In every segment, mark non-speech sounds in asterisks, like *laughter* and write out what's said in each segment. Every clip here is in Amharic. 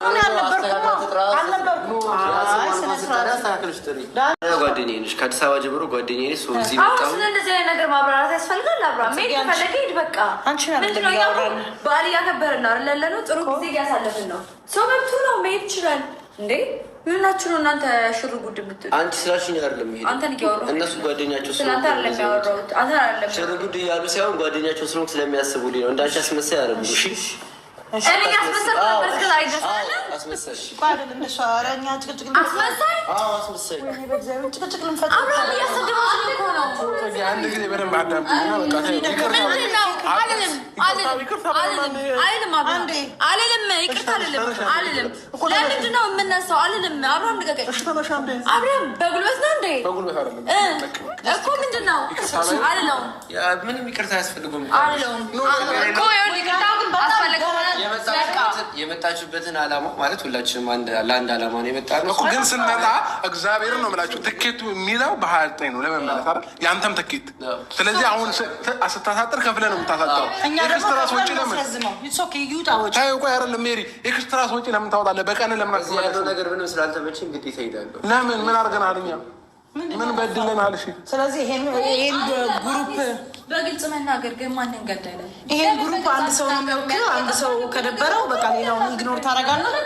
ጓደኛዬ ነሽ፣ ከአዲስ አበባ ጀምሮ ጓደኛዬ ነሽ። እዚህ መጣሁ። ስለእንደዚህ ዓይነት ነገር ማብራራት ያስፈልጋል? አብራ መሄድ ከፈለገ ሂድ። በቃ ምንድን ነው በዓል እያከበርን ነው አይደል? ያለነው ጥሩ ጊዜ እያሳለፍን ነው። ሰው መብቱ ነው፣ መሄድ ይችላል እንዴ ምናችሁ ነው እናንተ ሽር ጉድ የምትሉ? አንቺ ስላልሽኝ አይደለም ይሄ አንተን እያወራሁ እነሱ ጓደኛቸው ስለአንተ አይደለም ያወራሁት አንተ አይደለም ሽር ጉድ እያሉ ሳይሆን ጓደኛቸው ስለሆንክ ስለሚያስቡልኝ ነው። እንዳንቺ አስመሳይ አይደለም። እሺ ለምንድን ነው የምነሳው? አልልም። አብርሃም ንገቀኝ። አብርሃም በጉልበት ነው እንዴ? እኮ ምንድን ነው አልለውም። ምንም ይቅርታ አያስፈልጉም አልለውም። ይቅርታ አስፈልግ የመጣችሁበትን አላማ ማለት ሁላችንም ለአንድ አላማ ነው የመጣ ነው። ግን ስንመጣ እግዚአብሔር ነው የምላችሁ ትኬቱ የሚለው በሀያ ዘጠኝ ነው ለመመለስ አይደል? የአንተም ትኬት ስለዚህ አሁን ስታሳጥር ከፍለህ ነው የምታሳጥረው። ኤክስትራስ ወጪ ለምን ቆይ አይደለም ሜሪ፣ ኤክስትራስ ወጪ ለምን ታወጣለህ? በቀን ለምን ነገር ምንም ስላልተመቸኝ ግዴታ ይሄዳለሁ። ለምን ምን አድርገን አልኛ ምን በድለን ስለዚህ ይሄን በግልጽ መናገር ግን ማንን ገደለ? ይሄን ግሩፕ አንድ ሰው ነው የሚወክለው አንድ ሰው ከደበረው በቃ ሌላውን ኢግኖር ታደርጋለህ።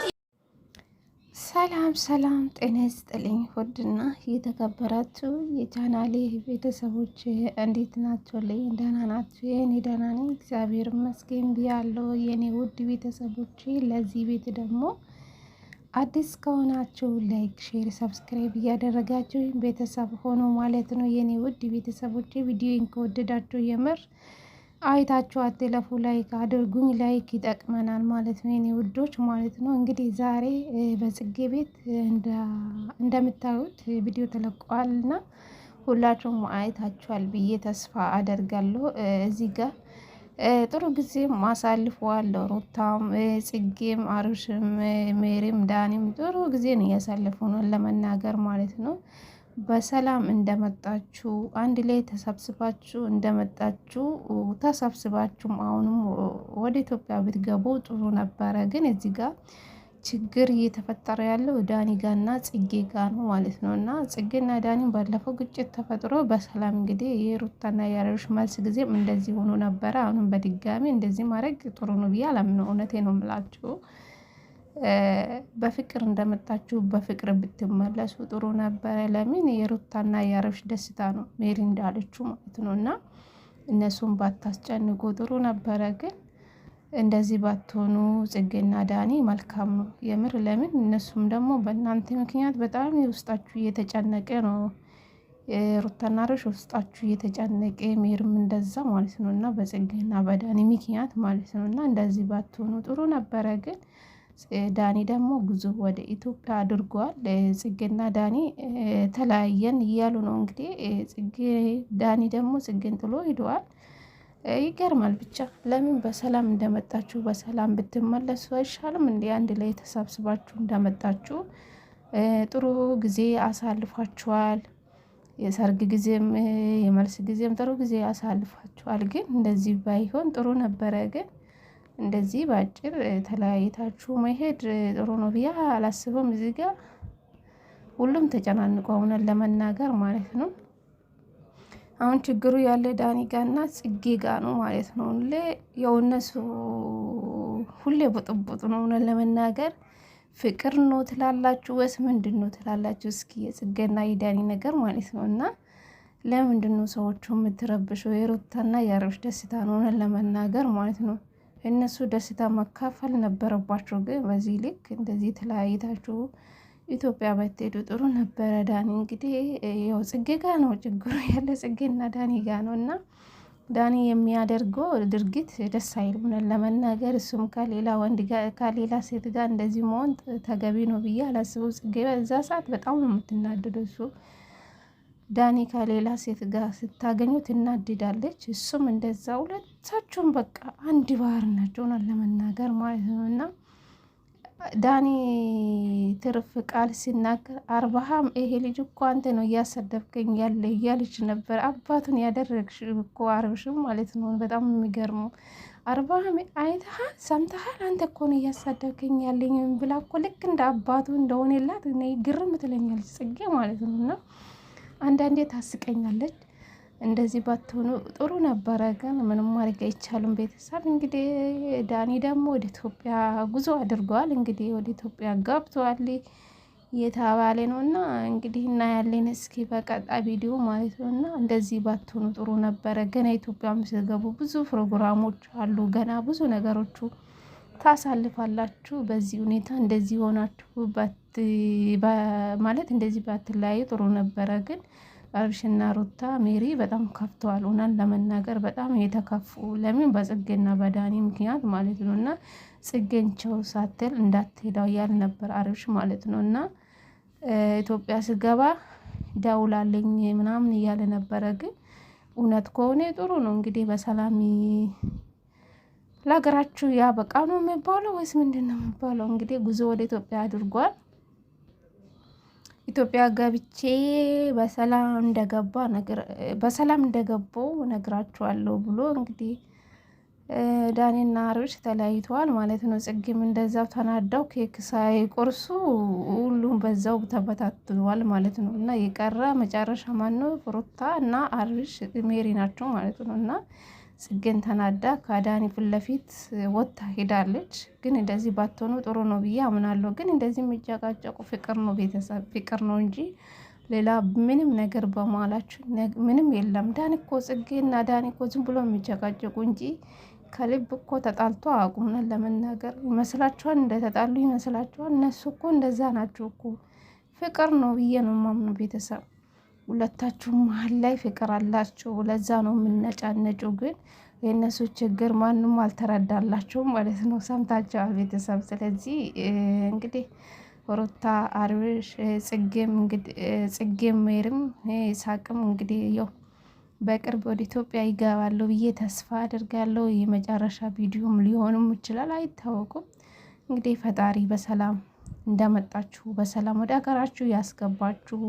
ሰላም ሰላም፣ ጤና ይስጥልኝ። ውድና የተከበራችሁ የቻናሌ ቤተሰቦች እንዴት ናቸው? ልኝ ደህና ናቸው? የእኔ ደህና ነኝ፣ እግዚአብሔር ይመስገን ብያለሁ። የእኔ ውድ ቤተሰቦች ለዚህ ቤት ደግሞ አዲስ ከሆናችሁ ላይክ፣ ሼር፣ ሰብስክራይብ እያደረጋችሁ ቤተሰብ ሆኖ ማለት ነው። የኔ ውድ ቤተሰቦች ቪዲዮን ከወደዳችሁ የምር አይታችሁ አትለፉ፣ ላይክ አድርጉኝ። ላይክ ይጠቅመናል ማለት ነው የኔ ውዶች ማለት ነው። እንግዲህ ዛሬ በጽጌ ቤት እንደምታዩት ቪዲዮ ተለቋልና ሁላችሁም አይታችኋል ብዬ ተስፋ አደርጋለሁ እዚህ ጋር ጥሩ ጊዜ ማሳልፈዋል። ሩታም፣ ጽጌም፣ አርሽም፣ ሜሪም፣ ዳኒም ጥሩ ጊዜን እያሳለፉ ነው ለመናገር ማለት ነው። በሰላም እንደመጣችሁ አንድ ላይ ተሰብስባችሁ እንደመጣችሁ ተሰብስባችሁም አሁንም ወደ ኢትዮጵያ ብትገቡ ጥሩ ነበረ ግን እዚህ ጋር ችግር እየተፈጠረ ያለው ዳኒ ጋና ጽጌ ጋር ነው ማለት ነው። እና ጽጌና ዳኒ ባለፈው ግጭት ተፈጥሮ በሰላም እንግዲህ የሩታና የአብርሽ መልስ ጊዜም እንደዚህ ሆኖ ነበረ። አሁንም በድጋሚ እንደዚህ ማድረግ ጥሩ ነው ብዬ አላምነው። እውነቴ ነው ምላችሁ በፍቅር እንደመጣችሁ በፍቅር ብትመለሱ ጥሩ ነበረ። ለምን የሩታና የአብርሽ ደስታ ነው ሜሪ እንዳለችው ማለት ነው። እና እነሱን ባታስጨንቁ ጥሩ ነበረ ግን እንደዚህ ባትሆኑ ጽጌና ዳኒ መልካም ነው የምር። ለምን እነሱም ደግሞ በእናንተ ምክንያት በጣም ውስጣችሁ እየተጨነቀ ነው። ሩተናሮች ውስጣችሁ እየተጨነቀ ሜርም እንደዛ ማለት ነው እና በጽጌና በዳኒ ምክንያት ማለት ነው እና እንደዚህ ባትሆኑ ጥሩ ነበረ። ግን ዳኒ ደግሞ ጉዞ ወደ ኢትዮጵያ አድርጓል። ጽጌና ዳኒ ተለያየን እያሉ ነው እንግዲህ ጽጌ ዳኒ ደግሞ ጽጌን ጥሎ ሂደዋል። ይገርማል። ብቻ ለምን በሰላም እንደመጣችሁ በሰላም ብትመለሱ አይሻልም? እንዲ አንድ ላይ ተሰብስባችሁ እንደመጣችሁ ጥሩ ጊዜ አሳልፏችኋል። የሰርግ ጊዜም የመልስ ጊዜም ጥሩ ጊዜ አሳልፋችኋል። ግን እንደዚህ ባይሆን ጥሩ ነበረ። ግን እንደዚህ በአጭር ተለያይታችሁ መሄድ ጥሩ ነው ብዬ አላስብም። እዚህ ጋር ሁሉም ተጨናንቆ ሆነን ለመናገር ማለት ነው። አሁን ችግሩ ያለ ዳኒ ጋና ጽጌ ጋ ነው ማለት ነው። ሁሌ ያው እነሱ ሁሌ ቡጥቡጥ ነው። እውነት ለመናገር ፍቅር ነው ትላላችሁ ወይስ ምንድን ነው ትላላችሁ? እስኪ የጽጌና የዳኒ ነገር ማለት ነው። እና ለምንድን ነው ሰዎቹ የምትረብሸው? የሩታና የአብርሽ ደስታ ነው እውነት ለመናገር ማለት ነው። እነሱ ደስታ መካፈል ነበረባቸው። ግን በዚህ ልክ እንደዚህ ተለያይታችሁ ኢትዮጵያ ባትሄዱ ጥሩ ነበረ። ዳኒ እንግዲህ ያው ጽጌ ጋ ነው ችግሩ *laughs* ያለ ጽጌና ዳኒ ጋ ነው እና ዳኒ የሚያደርገው ድርጊት ደስ አይልም ለመናገር እሱም ከሌላ ወንድ ከሌላ ሴት ጋር እንደዚህ መሆን ተገቢ ነው ብዬ አላስበው። ጽጌ በዛ ሰዓት በጣም ነው የምትናደደው። እሱ ዳኒ ከሌላ ሴት ጋር ስታገኙ ትናድዳለች፣ እሱም እንደዛ። ሁለታችሁም በቃ አንድ ባህር ናቸው ለመናገር ማለት ነው እና ዳኒ ትርፍ ቃል ሲናገር አርባሃም ይሄ ልጅ እኮ አንተ ነው እያሰደብከኝ ያለ እያልች ነበር። አባቱን ያደረግሽ እኮ አብርሽም ማለት ነው። በጣም የሚገርሙ አርባሃም አይተሃል፣ ሰምተሃል፣ አንተ እኮ ነው እያሳደብከኝ ያለኝ ብላ እኮ ልክ እንደ አባቱ እንደሆነላት ግርም ትለኛለች ጽጌ ማለት ነው። እና አንዳንዴ ታስቀኛለች። እንደዚህ ባትሆኑ ጥሩ ነበረ፣ ግን ምንም ማድረግ አይቻሉም። ቤተሰብ እንግዲህ ዳኒ ደግሞ ወደ ኢትዮጵያ ጉዞ አድርገዋል። እንግዲህ ወደ ኢትዮጵያ ገብተዋል የተባለ ነው እና እንግዲህ እናያለን። እስኪ በቀጣይ ቪዲዮ ማለት ነው እና እንደዚህ ባትሆኑ ጥሩ ነበረ። ገና ኢትዮጵያም ስትገቡ ብዙ ፕሮግራሞች አሉ፣ ገና ብዙ ነገሮቹ ታሳልፋላችሁ። በዚህ ሁኔታ እንደዚህ ሆናችሁ ማለት እንደዚህ ባትለያዩ ጥሩ ነበረ ግን አብርሽና ሩታ ሜሪ በጣም ከፍተዋል። እውነት ለመናገር በጣም የተከፉ ለምን በጽጌና በዳኒ ምክንያት ማለት ነው። እና ጽጌን ቸው ሳትል እንዳትሄዳው እያለ ነበር አብርሽ ማለት ነው። እና ኢትዮጵያ ስገባ ደውላለኝ ምናምን እያለ ነበረ። ግን እውነት ከሆነ ጥሩ ነው እንግዲህ በሰላም ለሀገራችሁ ያበቃ ነው የሚባለው ወይስ ምንድን ነው የሚባለው? እንግዲህ ጉዞ ወደ ኢትዮጵያ አድርጓል። ኢትዮጵያ ገብቼ በሰላም እንደገባ በሰላም እንደገባው ነግራችኋለሁ ብሎ እንግዲህ ዳኔና አብርሽ ተለያይተዋል ማለት ነው። ጽጌም እንደዛው ተናዳው ኬክ ሳይቆርሱ ሁሉም በዛው ተበታትኗል ማለት ነው። እና የቀረ መጨረሻ ማነው? ሩታ እና አብርሽ ሜሪ ናቸው ማለት ነው እና ጽጌን ተናዳ ከዳኒ ፊት ለፊት ወጥታ ሄዳለች። ግን እንደዚህ ባትሆኑ ጥሩ ነው ብዬ አምናለሁ። ግን እንደዚህ የሚጨቃጨቁ ፍቅር ነው ቤተሰብ ፍቅር ነው እንጂ ሌላ ምንም ነገር በማላችሁ ምንም የለም። ዳኒ እኮ ጽጌና ዳኒ እኮ ዝም ብሎ የሚጨቃጨቁ እንጂ ከልብ እኮ ተጣልቶ አቁምነን ለመናገር ይመስላችኋል? እንደተጣሉ ይመስላችኋል? እነሱ እኮ እንደዛ ናቸው እኮ ፍቅር ነው ብዬ ነው ማምኑ ቤተሰብ ሁለታችሁ መሀል ላይ ፍቅር አላችሁ። ለዛ ነው የምነጫነጩ። ግን የእነሱ ችግር ማንም አልተረዳላቸው ማለት ነው። ሰምታችኋል ቤተሰብ። ስለዚህ እንግዲህ ሩታ አብርሽ፣ ጽጌም፣ ሜርም ይሳቅም እንግዲህ ያው በቅርብ ወደ ኢትዮጵያ ይገባሉ ብዬ ተስፋ አድርጋለሁ። የመጨረሻ ቪዲዮም ሊሆንም ይችላል አይታወቁም። እንግዲህ ፈጣሪ በሰላም እንደመጣችሁ በሰላም ወደ ሀገራችሁ ያስገባችሁ